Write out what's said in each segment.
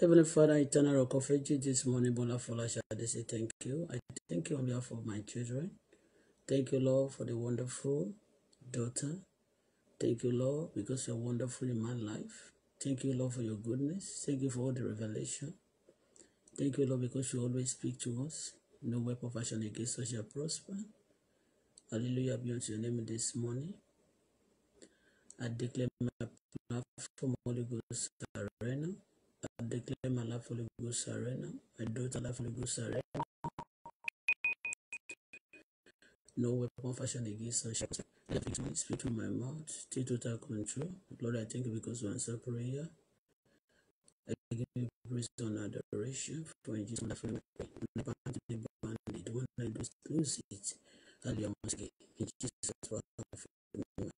Heavenly Father, eternal rock of ages, this morning, Bola Folasha, I say thank you. I thank you on behalf of my children. Thank you, Lord, for the wonderful daughter. Thank you, Lord, because you're wonderful in my life. Thank you, Lord, for your goodness. Thank you for all the revelation. Thank you, Lord, because you always speak to us. No weapon fashioned against us shall prosper. Hallelujah be unto your name this morning. I declare my platform, Holy Ghost, arena. I declare my life Holy Ghost surrender. My daughter life Holy Ghost surrender. No weapon fashioned against us shall Let me speak through my mouth. Take total control. Lord, I thank you because you answer prayer. I give you praise and adoration for in Jesus' name. When I lose it, I'll be once again. In Jesus' name.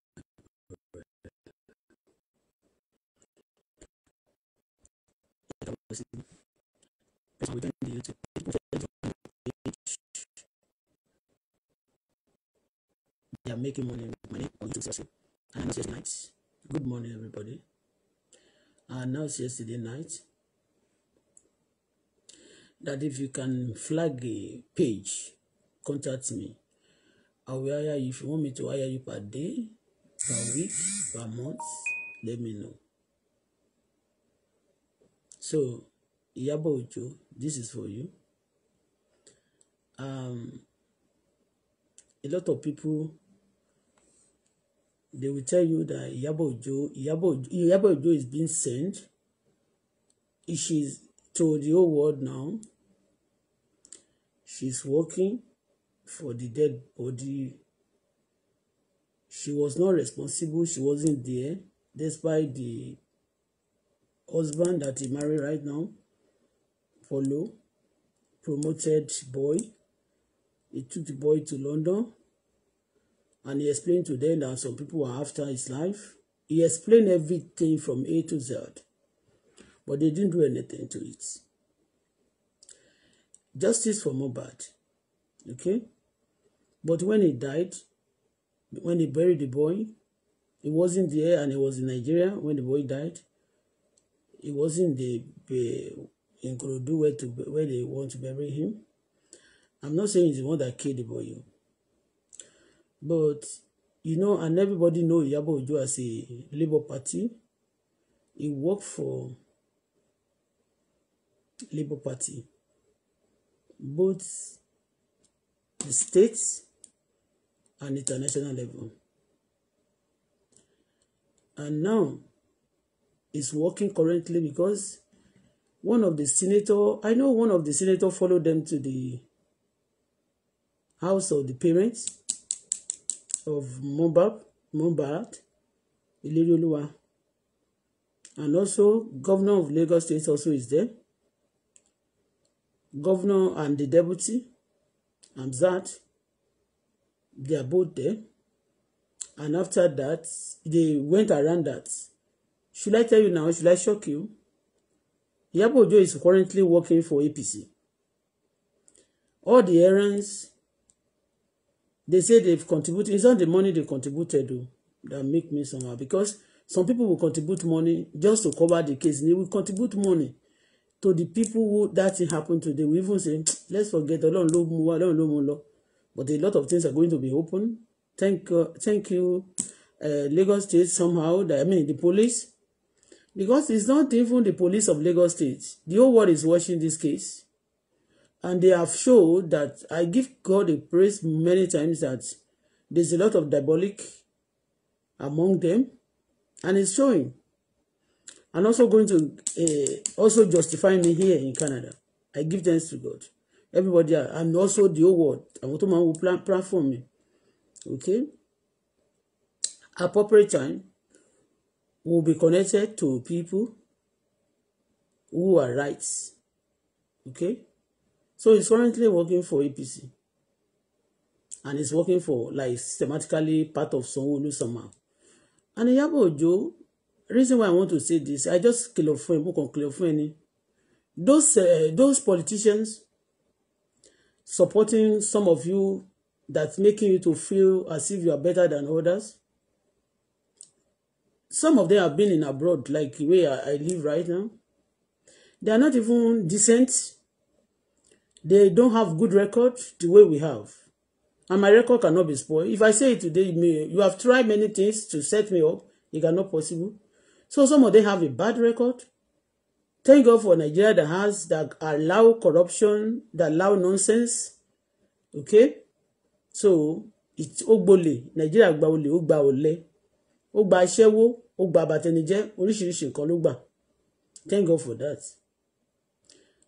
person person within the YouTube page. They are making money money on YouTube session. And now yesterday night. Good morning, everybody. And now yesterday night that if you can flag a page, contact me. I will hire you if you want me to hire you per day, per week, per month. Let me know so Ìyábọ̀ Òjó this is for you um, a lot of people they will tell you that Ìyábọ̀ Òjó Ìyábọ̀ Òjó Ìyábọ̀ is being sent she's to the whole world now she's working for the dead body she was not responsible she wasn't there despite the husband that he marry right now follow promoted boy he took the boy to London and he explained to them that some people were after his life he explained everything from A to Z but they didn't do anything to it justice for Mohbad okay but when he died when he buried the boy he wasn't there and he was in Nigeria when the boy died It wasn't the, the in Kurudu where to where they want to bury him. I'm not saying it's the one that killed the boy, but you know, and everybody knows Iyabo Ojo as a Labour Party. He worked for Labour Party, both the states and international level. And now is working currently because one of the senator I know one of the senator followed them to the house of the parents of Mumbab Mohbad Ilerioluwa and also governor of Lagos State also is there governor and the deputy Amzat they are both there and after that they went around that Should I tell you now? Should I shock you? Yabojo is currently working for APC. All the errands, they say they've contributed. It's not the money they contributed though that make me somehow because some people will contribute money just to cover the case. and They will contribute money to the people who that thing happened to. They will even say, let's forget Ọlọ́run ló mú wa, Ọlọ́run ló mú But a lot of things are going to be open. Thank, uh, thank you, uh, Lagos State somehow. That, I mean, the police because it's not even the police of Lagos State. The whole world is watching this case. And they have shown that I give God a praise many times that there's a lot of diabolic among them. And it's showing. And also going to uh, also justify me here in Canada. I give thanks to God. Everybody, and also the whole world. Àwọn tó máa plan plan for me. Okay? Appropriate time. We will be connected to people who are right. Okay? So he's currently working for APC. And he's working for, like, systematically part of Sanwo-Olu somehow. And Iyabo Ojo, reason why I want to say this, I just kìlọ̀ fún ẹ, mo Those, uh, those politicians supporting some of you that's making you to feel as if you are better than others, some of them have been in abroad, like where I, I live right now. They are not even decent. They don't have good record the way we have. And my record cannot be spoiled. If I say it today, you, have tried many things to set me up. It cannot possible. So some of them have a bad record. Thank God for Nigeria that has that allow corruption, that allow nonsense. Okay? So it's Ogbole. Nigeria gba olè, ó gba aṣẹ́wó ó gba àbàtẹnijẹ́ oríṣiríṣi nǹkan ló gbà thank God for that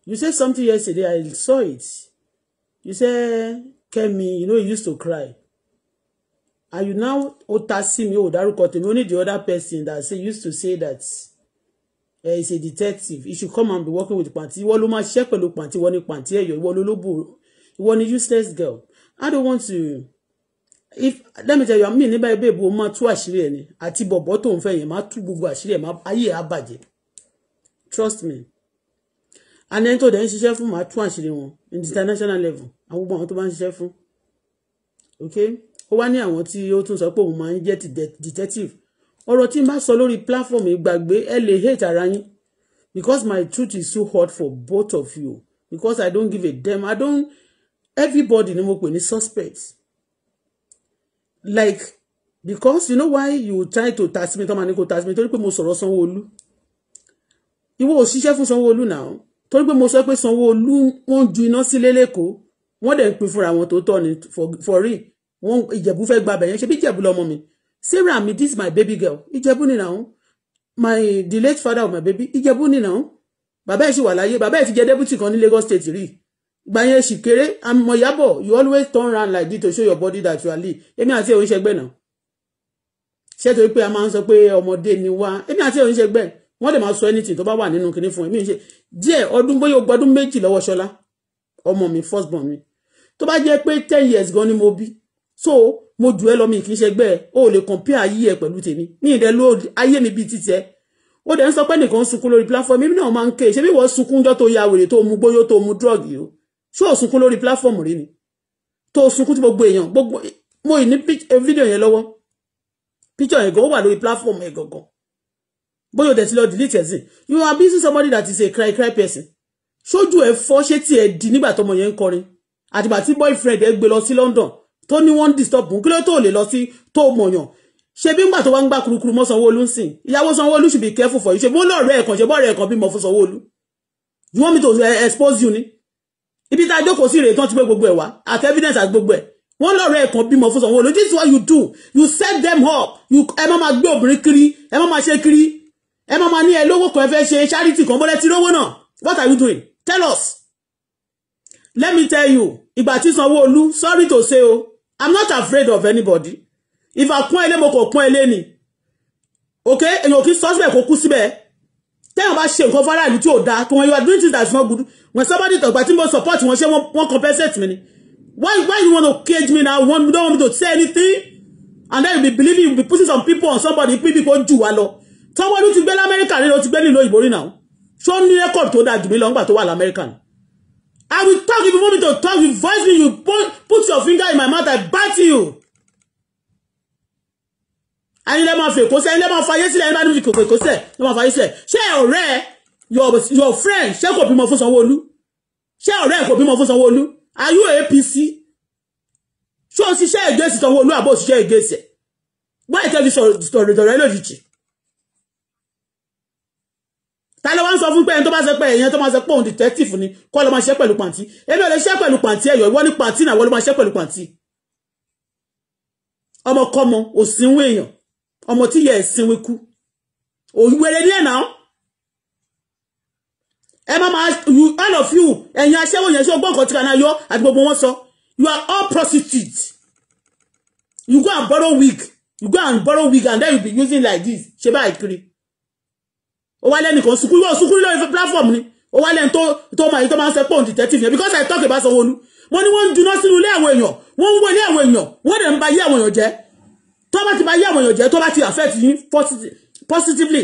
you said something yesterday I saw it you say Kemi you know you used to cry and you now ó ta sí mi ó dárúkọ tèmi ó the other person that say used to say that eh, he is a detective he should come and be working with panti ìwọ ló máa ṣiṣẹ́ pẹ̀lú panti ìwọ ni panti ẹ̀yọ́ ìwọ ló lóbò ìwọ ni useless girl I don't want to if let me tell you mi ní báyìí bèbè o máa tú àṣírí ẹ̀ ni àti bọ̀bọ̀ tó ń fẹ́ yẹn máa tú gbogbo àṣírí ẹ̀ ayé ẹ̀ bàjẹ́ trust me àní ẹni tó dẹ̀ ń ṣiṣẹ́ fún màá tú àṣírí wọn international level àwọn gbogbo àwọn tó bá ń ṣiṣẹ́ fún ok ó wá ní àwọn tí ó tún sọ pé òun máa ń jẹ́ detective ọ̀rọ̀ tí n bá sọ lórí platform ìgbàgbé ẹ lè hate ara yín because my truth is so hot for both of you because I don't give a damn I don't everybody ni mo pè ní suspect like because you know why you try to tax me tọ́ ma ní kò tax me torí pé mo sọ̀rọ̀ sanwó-olú ìwọ ò ṣiṣẹ́ fún sanwó-olú náà torí pé mo sọ pé sanwó-olú wọ́n ju iná sílé lẹ́kọ̀ọ́ wọ́n dẹ̀ ń pín fúnra wọn tó tọ́ ni for real wọ́n ìjẹ̀bú fẹ́ gba abẹ̀yẹn ṣe bí ìjẹ̀bú lọ́mọ mi sarah mi this is my baby girl ìjẹ̀bú ni náà my the late father of my baby ìjẹ̀bú ni náà bàbá ẹ̀ ṣì wà láyé bàbá ẹ̀ ti jẹ́ deputy kan ní Lagos state rí ìgbà yẹn sì kéré àmọ you always turn round like this to show your body that you are lean èmi àti òun ṣẹgbẹ́ náà ṣé to pé a máa ń sọ pé ọmọdé ni wá èmi àti òun ṣẹgbẹ́ wọ́n lè máa sọ anything tó bá wà nínú kinní fún èmi ṣe díẹ̀ ọdún bóyá ọdún méjì lọ́wọ́ Ṣọlá ọmọ mi first born mi tó bá jẹ́ pé ten years gan ni mo bí so mo jù ẹ́ lọ mi kì í ṣẹgbẹ́ o ò lè compare ayé ẹ pẹ̀lú tèmi mi ì dẹ lo ayé mi bíi títí ẹ ó dẹ̀ ń sọ pé nìkan sunkún lórí platform mi náà máa ń ké ṣe bí wọ́n sunkún jọ́ tó ya wèrè tó mu gbóyó tó mu drug yìí o ṣó o sunkún lórí platform rí ni tó o sunkún tí gbogbo èèyàn gbogbo mo ì ní fídíò eh, yẹn lọ́wọ́ picture yẹn gan wà lórí platform yẹn gangan bóyá o dẹ̀ ti lọ delete ẹ̀ sìn you are busy somebody that is a cry cry person ṣojú ẹ̀ fọ́ ṣé tí ẹ̀ di nígbà tọmọ yẹn ń kọrin àtìgbà tí boyfriend ẹ̀ gbé lọ sí London tó ní wọ́n ń disturb òun kí ló tó lè lọ sí tó mọ̀yàn ṣe bí ngbà tó wá ń gbà kurukuru mọ́ Sanwó-Olú ń sìn ìyàwó Sanwó-Olú should be careful for you ṣe bó lọ́ọ̀rẹ́ ẹ̀kan ṣe bọ́ọ̀rẹ́ ẹ̀kan bí mo fún Sanwó-Olú you want me to eh, expose you ni ibi tá a jókòó sí rèé tán ti gbé gbogbo ẹ̀ wá at evidence àti gbogbo ẹ̀ wọ́n lọ́rọ̀ ẹ̀kan bímọ fún Sanwó-Olú this is what you do you set them up you ẹ má máa gbé obìnrin kiri ẹ má máa ṣe kiri ẹ má máa ní ẹ lówó kan ẹ fẹ́ charity kan bọ́lẹ́ ti lówó náà what are you doing tell us let me tell you ìgbà tí Sanwó-Olú sorry to say o i'm not afraid of anybody if i kún ẹ lé mo kò kún ẹ ni okay èyàn kì í sọ́sibẹ̀ kó kú síbẹ̀ Tell about ṣe nǹkan fáráàlú tí ò dáa When you are doing things that's not good when somebody tọ̀gbà tí mo support wọn ṣé One compensate mi ni why why you want to cage me now One don't want me to say anything and then you be believing you be putting some people on somebody People go do jù wá lọ tọ́wọ́ ló ti gbé lamẹ́ríkà rẹ̀ ló ti gbé nílò ìbò rí náà ṣó ní rẹ́kọ̀dù long, but to mí American. I will talk if you want me to talk you voice me you put put your finger in my mouth I bite you ẹni lẹ́ máa fi èkó sẹ́ ẹni lẹ́ máa fa ayé sílẹ̀ ẹni bá ní fi èkó sẹ́ lẹ́ máa fa ayé sílẹ̀ ṣé ọ̀rẹ́ your friend ṣé kò bímọ fún Sanwó-Olú ṣé ọ̀rẹ́ kò bímọ fún Sanwó-Olú are you APC ṣé o ṣiṣẹ́ ìgbésí Sanwó-Olú àbò òṣìṣẹ́ ìgbésẹ̀ wọ́n ìtẹ́jú sọ̀rọ̀ ìdọ̀rẹ́ lójijì ta ló wá ń sọ fún pé ẹni tó bá ṣe pé èèyàn tó máa ṣe pé òun detective ni kọ́ ló máa ṣe pẹ̀lú pàǹtí èmi ò lè ṣe pẹ̀lú pàǹtí ẹ̀yọ̀ ìwọ ní pàǹtí náà wọ́n ló máa ṣe pẹ̀lú pàǹtí ọmọkọ́mọ òsínwó èèyàn ọmọ tí yẹ ẹ̀sìn wíkú òwúwèrè ní ẹ̀nà ẹ má máa all of you ẹ̀yin aṣẹ́wó yẹn ṣe ọgbọ́n nǹkan tí kaná yọ àti gbogbo wọn sọ you are all prostitutes you go and borrow wig you go and borrow wig and then you be using like this ṣe báyìí kiri ó wá lẹ́nìkan sukú yóò oh, sukú lórí platform ni ó wá lẹ́nu tó máa yí tó máa ń sẹ́ detective yẹn because I talk about Sanwó-Olú wọ́n ní wọ́n ń juná sínú ilé àwọn èèyàn wọ́n ń wọ ilé àwọn èèyàn wọ́n ba ilé àwọn èèyàn jẹ́ tó bá ti bá yé èèyàn jẹ́ tó bá ti affect yín positively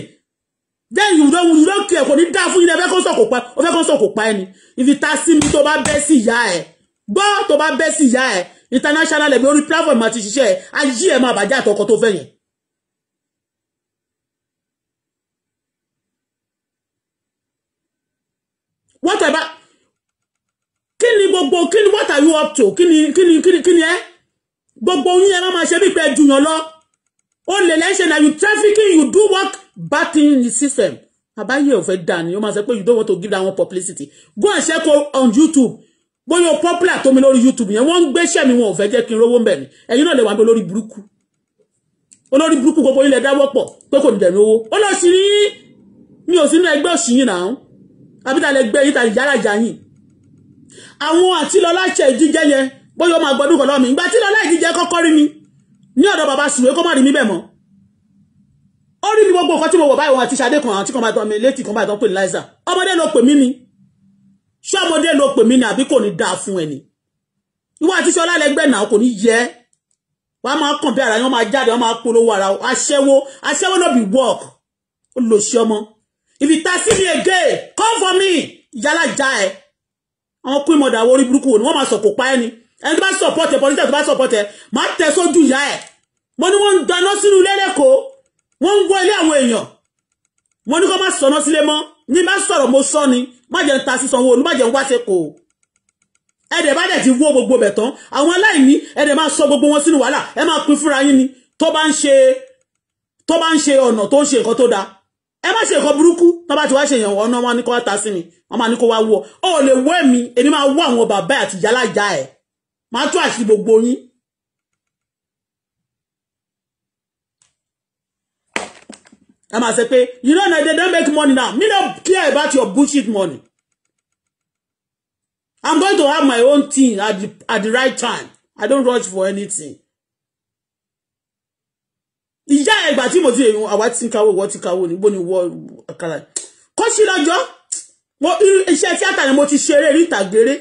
then you don't you don't care kò ní dá fún yín ẹ fẹ́ kó sọ kò pa ó fẹ́ kó sọ kò pa ẹni ibi ta tó bá bẹ́ sí ìyá ẹ̀ gbọ́ tó bá bẹ́ sí ìyá ẹ̀ international ẹ̀mí orí platform àti ṣiṣẹ́ ẹ̀ ayé ẹ̀ máa bàjẹ́ àtọkọ tó fẹ́ yẹn. whatever kí ni gbogbo kí ni what are you up to kí ni kí ni kí ni kí Eh? gbogbo yín ẹ má máa ṣe bí pé jùyàn lọ ó lè lẹ́ṣẹ̀ na you trafficking you do work bad thing in the system bàbá yìí ò fẹ́ dà ní ó máa sọ pé you don't want to give that one publicity go and check on youtube bóyá o popular tó mi lórí youtube yẹn wọ́n ń gbéṣẹ́ mi wọn ò fẹ́ jẹ́ kí n rówó ń bẹ̀ ni ẹ̀yin náà lè wà lórí burúkú olórí burúkú gbogbo yín lè dáwọ́ pọ̀ pé kò ní dẹ̀ mi owó ó lọ sí rí mi ò sínú ẹgbẹ́ òsì yìí náà àbí ta lè gbé yín ta lè yára jà yín àwọn àtìlọ́lá ṣe ìdíjẹ́ yẹn bóyá ó máa gbọdún kan lọ́mí ìgbà tí lọ láì jíjẹ kọ́kọ́ rí mi ní ọ̀dọ̀ bàbá sùwé kó má rí mi bẹ̀ mọ́ ó rí mi gbogbo nǹkan tí mo wọ̀ báyìí wọn àti Ṣadé kan àti kan bá tọ́ mi létí kan bá tọ́ pè ní láìsà ọmọdé ló pè mí ni ṣé ọmọdé ló pè mí ni àbí kò ní dáa fún ẹni ìwọ àti ṣọlá lẹgbẹ́ náà kò ní yẹ wàá máa kàn bí ara yẹn máa jáde wọn máa polówó ara aṣẹ́wó aṣẹ́wó ló bí work ó lò ṣe ọmọ if you ta sí mi again come for me ìyálà já ẹ àwọn queen mother wo orí burúkú wo ni wọ́n máa sọ kò pa ẹni ẹni tó bá support ẹ politician tó bá support ẹ máa tẹ sójú ìyá ẹ mo ní wọ́n ń dáná sínú ilé lẹ́kọ̀ọ́ wọ́n ń wọ ilé àwọn èèyàn mo ní kó má sọ̀nà sílé mọ́ ní má sọ̀rọ̀ mo sọ ni má jẹ́ ń ta sí sanwó olú má jẹ́ ń wá ṣe kò ẹ̀dẹ̀ bá dẹ̀ ti wó gbogbo bẹ̀ tán àwọn aláìní ẹ̀dẹ̀ máa sọ gbogbo wọn sínú wàhálà ẹ máa pín fúnra yín ni tó bá ń ṣe tó bá ń ṣe ọ̀nà tó ń ṣe nǹkan tó dáa ẹ má ṣe nǹkan burúkú tó bá ti wá ṣe èèyàn ọ̀nà wọn ni kó wá ta sí mi wọn máa ní kó wá wọ ọ lè wọ ẹ̀mí èmi máa wọ àwọn bàbá àti yálà já ẹ̀ máa tú àṣírí gbogbo yín. ẹ máa ṣe pé you know na they don make money now me no care about your bullshit money i'm going to have my own thing at the at the right time i don't rush for anything. ìyá ẹgbà tí mo ti èèyàn àwa ti ń kawó ìwọ ti kawó níbo ni wọ àkàrà kó sí lọ́jọ́ iṣẹ́ tíátà ni mo ti ṣeré rí ìtàgéré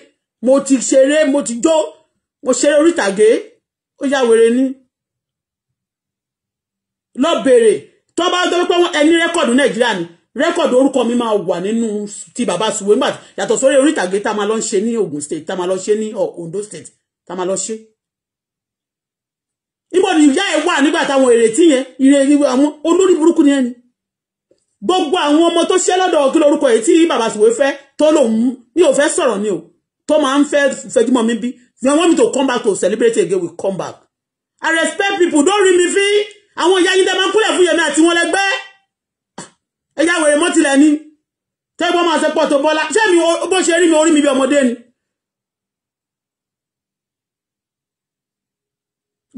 mo ti ṣeré mo ti jó mo ṣeré orí ìtàgé ó yá wèrè ní lọ bèrè tó bá dọ́ pé ẹni rẹ́kọ̀dù nàìjíríà ni rẹ́kọ̀dù orúkọ mi máa wà nínú ti bàbá Suwe nígbà yàtọ̀ sórí orí ìtàgé tá a máa lọ ṣe ní Ogun state tá a máa lọ ṣe ní Ondo state tá a máa lọ ṣe níbo ni ìyá ẹ wà nígbà táwọn ìrètí yẹn ìrètí àwọn olórí burúkú ni ẹni gbogbo àwọn ọmọ tó ṣẹ́ lọ́dọ̀ kí lórúkọ èyí tí bàbá Suwe fẹ́ tó lòun mi ò sọ̀rọ̀ ni o tó máa ń fẹ́ fẹjúmọ́ mi bí If you want me to come back to celebrate again we come back i respect people don't rí mi fín àwọn ìyá yín dẹ́mọ̀ kúlẹ̀ fún yẹmi àti wọn lẹ́gbẹ́ ẹ̀yà wèrè mọ́tìlẹ̀ ni tẹ́gbọ́n máa ṣe tell me, bọ́lá ṣé mi bó ṣe rí What orí mi bí ọmọdé ni.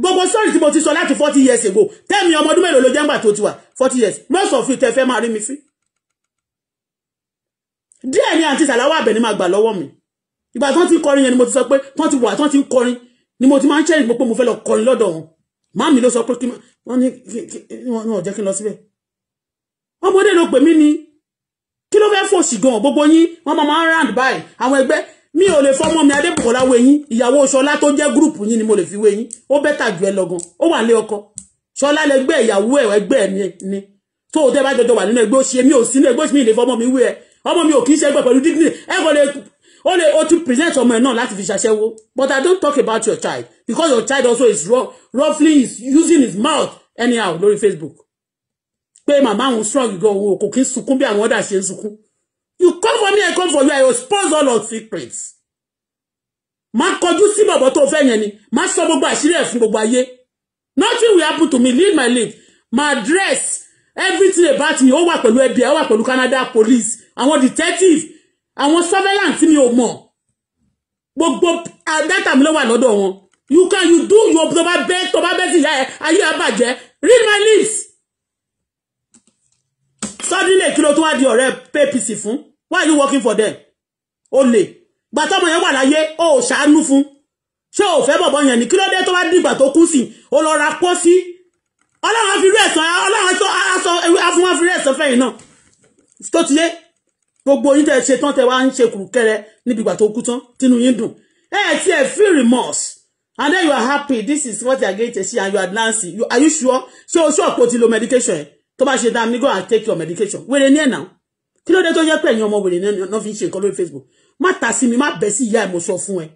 gbogbo sọ́ọ̀rì tí mo ti sọ láti forty years ago Tell me, ọdún mélòó ló jẹ́ ńgbà tó ti wà forty years most of you tẹ́ fẹ́ máa rí mi fín. díẹ̀ ni àǹtí sàláwà àbẹ̀ni máa gbà lọ́wọ́ mi ìgbà tí wọ́n ti ń kọrin yẹn ni mo ti sọ pé tí wọ́n ti wà tí wọ́n ti ń kọrin ni mo ti máa ń ṣẹ́yìn pé mo fẹ́ lọ kọrin lọ́dọ̀ wọn màmí ló sọ pé kí wọ́n ní wọn ò jẹ́ kí n lọ síbẹ̀ ọmọdé ló pè mí ni kí ló fẹ́ fòṣì gan gbogbo yín wọ́n máa ń round by àwọn ẹgbẹ́ mi ò lè fọmọ mi adébùkọ́lá wé yín ìyàwó ṣọlá tó jẹ́ gúrùpù yín ni mo lè fi wé yín ó bẹ́tà jù ẹ lọ gan ó wà lé ọkọ ṣọlá lẹgbẹ́ ìyàwó ẹ̀ ẹgbẹ́ ẹ̀ ni tó o tẹ́ bá jọjọ wà nínú ẹgbẹ́ òṣìṣẹ́ mi ò sínú ẹgbẹ́ òṣìṣẹ́ mi ì lè fọmọ mi wé ẹ ọmọ mi ò kì í ṣe ẹgbẹ́ pẹ̀lú dignity ẹ kò lè ó lè o ti present ọmọ ẹ náà láti fi ṣàṣẹ́wó but i don't talk about your child because your child also is roughly is using his mouth anyhow lórí facebook pé màmá òun strong gan òun kò kí ń sunkún bí àwọn ọ̀dà ṣe ń sunkún you come for me i come for you i expose all our secrets má kọjú sí bàbá tó fẹ́ yẹn ni má sọ gbogbo àṣírí ẹ̀ fún gbogbo ayé nothing will happen to me leave my life my dress everything about me ó wà pẹ̀lú ẹbí ẹ̀ ó wà pẹ̀lú Canada police àwọn detective àwọn surveillance tí mi ò mọ̀ gbogbo ah, data mi ló wà lọ́dọ̀ wọn you can you do your tó bá bẹ́ tó bá bẹ́ sí ìyá ẹ ayé àbàjẹ́ read my list. suddenly kí ló tún wá di ọ̀rẹ́ apc fún why are you working for them olè gbàtọ́mọ yẹn wà láyé ó ṣàánú fún ṣé ò fẹ́ bọ̀bọ̀ yẹn ni kí ló dé tó bá dìgbà tó kú sí ó lọ ra pọ́ sí ọlọ́run á fi rú ẹ̀sán ọlọ́run á fún wá fẹ́yìn náà tó ti yé gbogbo yín tẹ́ ṣe tán tẹ́ wá ń ṣe kùrùkẹrẹ níbi ìgbà tó kú tán tínú yín dùn ti ẹ feel remorse and then you are happy this is what you are going to see and you are dancing you, are you sure So, o ṣọ́ ọ̀pọ̀ ti lo medication ẹ̀ tó bá ṣe dáa go and take your medication wèrè ní now? náà kí ló dé tó jẹ́ pé ẹ̀yin ọmọ wèrè náà fi ń ṣe nǹkan lórí Facebook má ta sí mi má bẹ̀ sí ìyá ẹ̀ mo sọ fún ẹ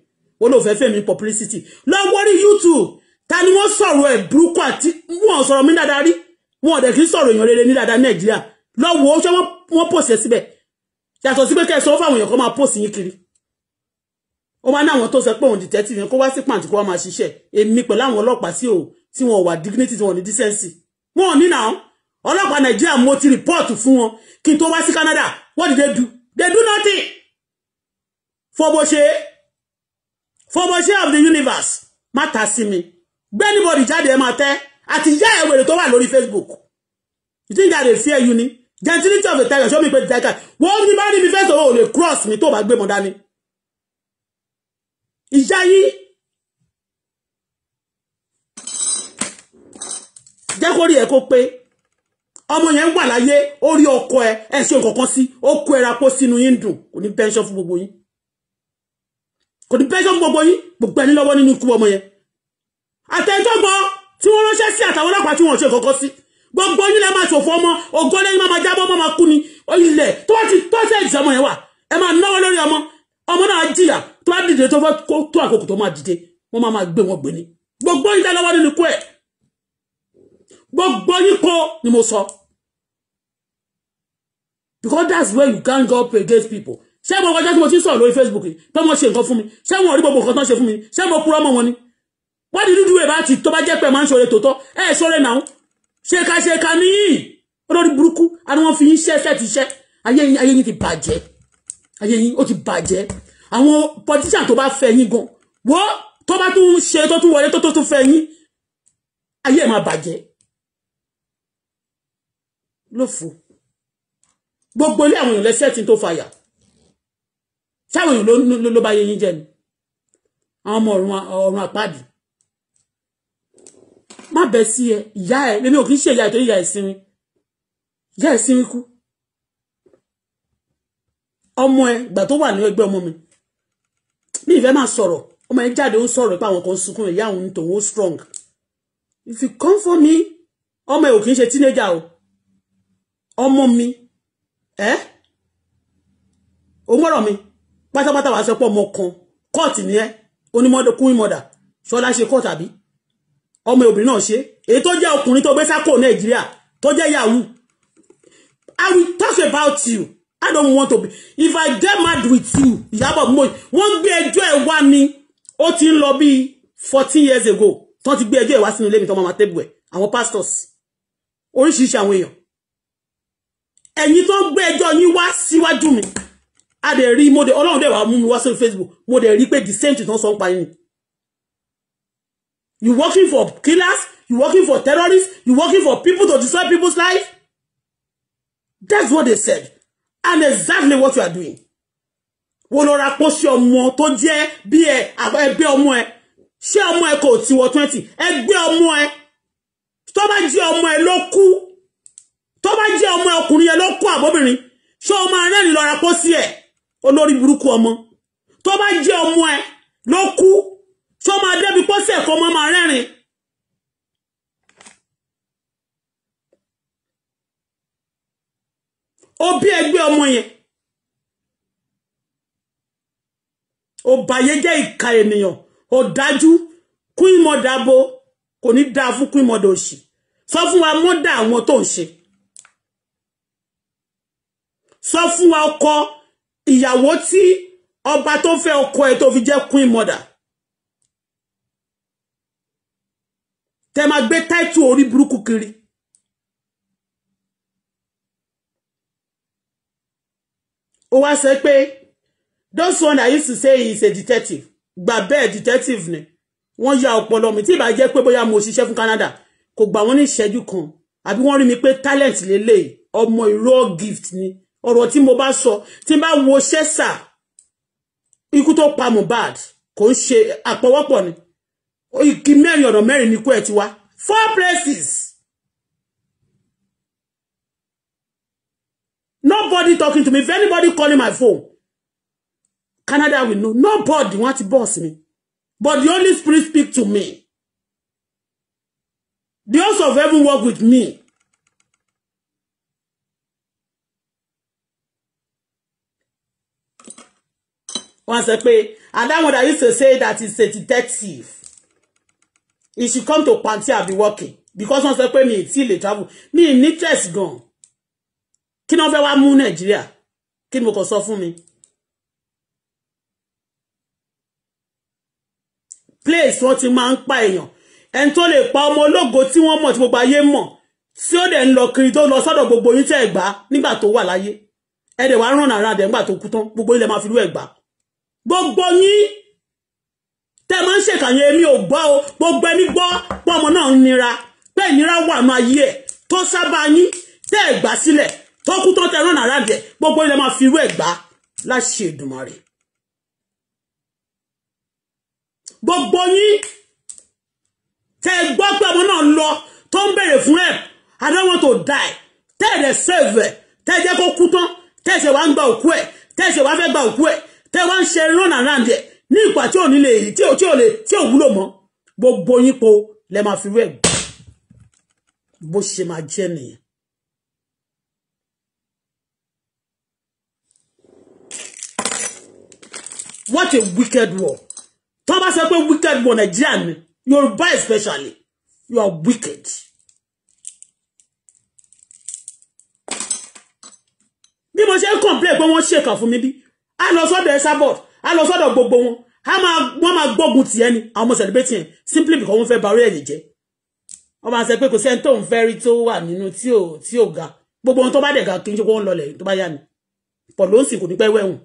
wọn ló fẹ́ fẹ́ mi publicity lọ wọrí YouTube ta ni wọ́n sọ̀rọ̀ ẹ̀ burúkú àti wọ́n sọ̀rọ̀ mi dáadáa rí wọn ò dẹ̀ kí sọ̀rọ̀ èèyàn rere ní dáadáa Nàìjíríà lọ wò ó ṣé wọ́n pòṣẹ síbẹ̀ yàtọ̀ sí pé kẹsàn-án fáwọn èèyàn kan máa post yín kiri ó máa ní àwọn tó sọ pé òun detective yẹn kó wá sí pàǹtí kó wá máa ṣiṣẹ́ èmi pẹ̀lú àwọn ọlọ́pàá sí o tí wọn wà dignity tí wọn ní decency wọn ò ní nà án ọlọ́pàá nàìjíríà mo ti report fún wọn kí n tó wá sí Canada what did they do they do nothing fọbọṣe fọbọṣe of the universe má ta sí mi gbé anybody jáde ẹ máa tẹ àti yá ẹwẹrẹ tó wà lórí Facebook you think that they fear you ni gentility of a tiger show mi pé tiger wọ́n ní bá rí mi fẹ́ sọ̀rọ̀ cross mi tó bá gbé mọ́ dání ìjà yìí jẹ́ kó rí ẹ kó pé ọmọ yẹn wà láyé ó rí ọkọ ẹ ẹ ṣe nǹkan sí ó kó ẹranko sínú yín dùn kò ní pension fún gbogbo yín kò ní pension fún gbogbo yín gbogbo ẹni lọ́wọ́ nínú ikú ọmọ yẹn àtẹ̀tọ́gbọ́ tí wọ́n ránṣẹ́ sí àtàwọn ọlọ́pàá tí wọ́n ṣe nǹkan sí gbogbo yín lẹ́ máa ṣòfò ọmọ ògo lẹ́yìn máa jábọ́ ọmọ máa kú ni ilẹ̀ tó bá ti tó ṣe ìṣẹ́ ọmọ yẹn wà ẹ máa náwó lórí ọmọ ọmọ náà jìyà tó bá dìde tó fẹ́ tó àkókò tó máa dìde wọ́n máa máa gbé wọn gbé ni gbogbo yín lọ́wọ́ nínú ikú ẹ̀ gbogbo yín kọ́ ni mo sọ because that's where you can go up against people ṣé mo kọjá tí mo ti sọ̀rọ̀ lórí Facebook tó mo ṣe nǹkan fún mi ṣé wọn ò rí gbogbo nǹkan tó ń ṣe fún mi ṣé mo kúrọ́ mọ́ wọn ni wọ́n ti dúdú ẹ̀ bá ti tó bá jẹ́ pé máa ń ṣoore tòótọ́ ẹ̀ ṣoore náà ṣèkàṣèkà ni yìí olórí burúkú àni wọ́n fi yín ṣẹ́ṣẹ́ ti ṣẹ́ ayé yín ayé yín ti bàjẹ́ ayé yín o ti bàjẹ́ àwọn politician tó bá fẹ́ yín gan wo tó bá tún ṣe tó tún wọlé tó tó tún fẹ́ yín ayé ẹ̀ máa bàjẹ́ lófo gbogbo ilé àwọn èèyàn lẹ́sẹ̀ tí tó fàyà ṣáwọn èèyàn ló bá yẹ yín jẹ ni àwọn ọmọ ọ̀run àpáàdì má bẹ sí ẹ ìyá ẹ lèmi ò kì í ṣe ìyá ẹ tó ìyá ẹ sinmi ìyá ẹ sinmi kú ọmọ ẹ ìgbà tó wà ní ẹgbẹ́ ọmọ mi mi ìfẹ́ máa sọ̀rọ̀ ọmọ ẹ jáde ó sọ̀rọ̀ pé àwọn kan sunkún ìyá òun tòun ó strong if you come for me ọmọ ẹ ò kì í ṣe teenager o ọmọ mi ẹ òun gbọ́dọ̀ mi pátápátá wàá sọ pé ọmọ kan kóòtù ni ẹ onímọdọkùnrin mọdà ṣọlá ṣe kóòtù àbí ọmọ obìnrin náà ṣe èyí tó jẹ́ ọkùnrin tó gbé sákò nàìjíríà tó jẹ́ yahoo i will talk about you i don't want to be if i get mad with you ìyàbọ̀ mo wọ́n gbé ẹjọ́ ẹ̀ wá ni ó ti ń lọ bíi fourteen years ago tó ti gbé ẹjọ́ ẹ̀ wá sínú ilé mi tó máa ma tẹ́bù ẹ̀ àwọn pastors oríṣiríṣi àwọn èèyàn ẹ̀yin tó gbé ẹjọ́ yín wá síwájú mi a dẹ̀ rí mo dẹ̀ ọlọ́run dẹ̀ wá mú mi wá sórí facebook mo dẹ̀ rí pé the same thing tó ń sọ ń parí ni You working for killers? You working for terrorists? You working for people to destroy people's life? That's what they said. And exactly what you are doing. Wọ́n lọ ra pọ́ ọmọ tó jẹ́ bí ẹ ẹgbẹ́ ọmọ ẹ. Ṣé ọmọ ẹ kò tí wọ Ẹgbẹ́ ọmọ ẹ. Tó bá jẹ́ ọmọ ẹ ló kú. Tó bá jẹ́ ọmọ ọkùnrin ẹ ló kú àbóbìnrin. Ṣé ọmọ rẹ̀ ń lọ ra sí ẹ? Olórí burúkú ọmọ. Tó bá jẹ́ ọmọ ẹ ló kú tó máa débi pọ́sẹ̀ kọ́ mọ́ máa rẹ́rìn. ó bí ẹgbẹ́ ọmọ yẹn ó bàyé jẹ́ ìka ènìyàn ó dájú kún ìmọ̀dà bo kò ní dáa fún kún ìmọ̀dà òṣì sọ fún wa mọ́dà àwọn tó ń ṣe sọ fún wa ọkọ ìyàwó tí ọba tó fẹ́ ọkọ ẹ̀ tó fi jẹ́ kún ìmọ̀dà. tẹ máa gbé táìtù orí burúkú kiri. ó wá sọ pé those one I used to say he is a detective gbà bẹ́ẹ̀ detective ni wọ́n ya ọpọlọ mi tí ìbá jẹ́ pé bóyá mo ṣiṣẹ́ fún Canada kò gbà wọ́n ní ìṣẹ́jú kan àbí wọ́n rí mi pé talent lélẹ́yìí ọmọ raw gift ni ọ̀rọ̀ tí mo bá so. tí n bá wo ṣẹ́sà ikú tó pa Mohbad kò ń ṣe àpọ̀wọ́pọ̀ ni ìkí mẹ́rin ọ̀nà mẹ́rin ní kú ẹ̀ ti wá four places. Nobody talking to me. If anybody calling my phone, Canada will know. Nobody want to boss me. But the Holy Spirit speak to me. The host of heaven work with me. Once I pay, and that one I used to say that is a detective you should come to panty I'll be working because wọ́n sọ pé mi ti lè travel Me, ní stress gan kí ni wọ́n fẹ́ wá mú nàìjíríà kí ni mo kàn sọ fún mi. place wọ́n ti máa ń pa èèyàn ẹni tó lè pa ọmọ ológo tí wọ́n mọ̀ tí gbogbo ayé mọ̀ tí ó dẹ̀ ń lọ kiri tó lọ sọ́dọ̀ gbogbo yín tẹ́ ẹ̀gbá nígbà tó wà láyé ẹ̀dẹ̀ wàá ràn ara dẹ̀ nígbà tó kú tán gbogbo ilẹ̀ máa fi lú ẹ̀gbá gbogbo yín tẹ́ máa ń ṣèkàyàn èmi ò gbọ́ o gbogbo ẹni gbọ́ pé ọmọ náà ń nira pé ìnira wà nù ayé ẹ̀ tó sábà yín tẹ́ ẹ̀ gbà sílẹ̀ tó kú tó tẹ rán àrà jẹ gbogbo ilẹ̀ máa fi irú ẹ̀ gbà láṣẹ Èdùmàrè gbogbo yín tẹ́ ẹ gbọ́ pé ọmọ náà lọ tó ń bèrè fún ẹ̀ I don't want to die tẹ́ ẹ̀ dẹ̀ save ẹ̀ tẹ́ ẹ jẹ́ kó kú tán tẹ́ ẹ̀ ṣe wá ń gba òkú ẹ̀ tẹ́ ẹ̀ ṣe wá fẹ́ gba òkú ẹ̀ tẹ́ ẹ wá ń ṣe rán àrà jẹ ní ìpà tí ò ní lè tí ò lè tí ò wúlò mọ́ gbogbo yín po lẹ máa fi rẹ̀ bó ṣe máa jẹ́ nìyẹn. what a wicked war tó bá sọ pé wicked war nàìjíríà ni yorùbá especially you are wicked. bí mo ṣe ń complain pé wọ́n ṣèkà fún mi bí a lọ sọ́dọ̀ ẹ sábọ̀d á lọ sọ́dọ̀ gbogbo wọn á máa wọ́n máa gbógun tì ẹni àwọn ọmọ celebrate yẹn simply because wọ́n fẹ́ ba orí ẹ̀yìn jẹ́ wọ́n máa sọ pé kò sẹ́ni tó ń fẹ́ rí tó wà nínú tí ò tí ò ga gbogbo wọn tó bá dẹ̀ ga kí n ṣe kó ń lọlẹ̀ tó bá yá ni pọ̀ ló ń sìn kò ní pẹ́ wẹ̀wọ̀n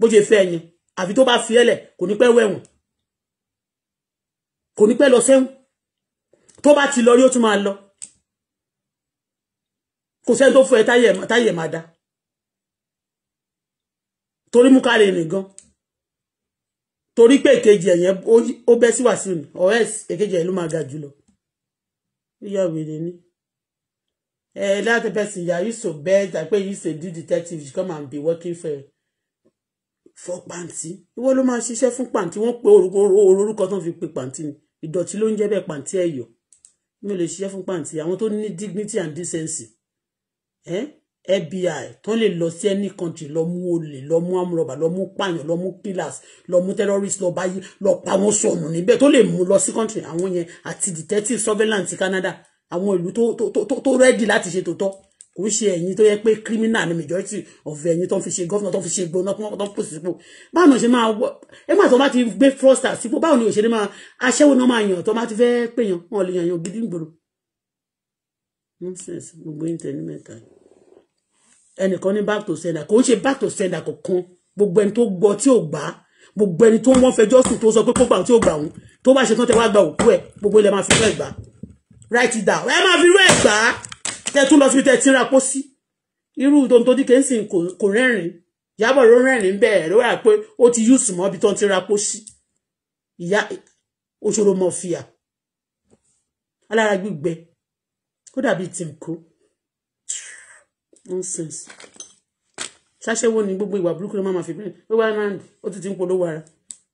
bó ṣe fẹ́ yẹn àfi tó bá fi ẹ̀lẹ̀ kò ní pẹ́ wẹ̀wọ̀n kò ní pẹ́ lọ sẹ́wọ̀n tó bá ti lọ rí ó tún máa lọ kò sẹ́ni tó fún ẹ táyẹ̀ máa dá torí mú kárẹ̀ nìgan torí pé èkejì ẹ̀yẹn ó bẹ́ sí wàsíù ni or else èkejì ẹ̀ ló máa ga jùlọ yíyá wèrè ni ẹ eh, láti person yà yìí so bẹ́ẹ̀ tà pé yìí ṣe do detective she come and be working for for pàǹtí ìwọ ló máa ṣiṣẹ́ fún pàǹtí wọ́n pe orúkọ tó fi pe pàǹtí ni ìdọ̀tí ló ń jẹ́ bẹ́ẹ̀ pàǹtí ẹ̀yọ̀ mi ò lè ṣiṣẹ́ fún pàǹtí àwọn tó ní dignity and decency ẹ́ eh? FBI tó lè lọ sí any country lọ mú olè lọ mú amúrọ̀bà lọ mú pààyàn lọ mú pillars lọ mú terrorist lọ báyìí lọ pa wọn sọnù níbẹ̀ tó lè mú lọ sí country àwọn yẹn àti detective surveillance Canada àwọn ìlú tó tó tó tó rẹ́dì láti ṣe tòótọ́ kò ń ṣe ẹ̀yin tó yẹ pé criminal ni majority of ẹ̀yin tó ń fi ṣe gọ́fìnà tó ń fi ṣe gbóná tó ń pò sípò báwo ni ṣe máa wọ ẹ máa tó bá ti gbé frosta sípò báwo ni òṣèré máa aṣẹ́wó náà máa yàn tó bá ti fẹ́ pèèyàn wọn lè yàn yàn gidi gbòòrò nonsense gbogbo yín tẹ̀ ní mẹ́ta yìí ẹnìkan ní back to sender kò ń ṣe back to sender kankan gbogbo ẹni tó gbọ́ tí ò gbà gbogbo ẹni tó wọ́n fẹjọ́ sùn tó sọ pé kó gbà tí ò gbà òun tó bá ṣe tán tẹ wá gba òkú ẹ gbogbo ilẹ̀ máa fi rẹ̀ gbà write it down ẹ máa fi rẹ̀ gbà tẹ tún lọ síbi tẹ tí ń ra pọ́ sí irú tó ń tó dìkẹ́ ń sìn kò rẹ́rìn Ìyábọ̀ ló rẹ́rìn bẹ́ẹ̀ ló rà pé ó ti yúùsù mọ́ ibi tó ń ti ra pọ́ sí ìyá òṣòro mọ̀ fìyà alára gbígbẹ ó dàbí tìǹkù nonsense ṣáṣẹ́wó ni gbogbo ìwà burúkú ló máa ma fi bẹ́ẹ̀ wíwá náà ó ti ti ń polówó ara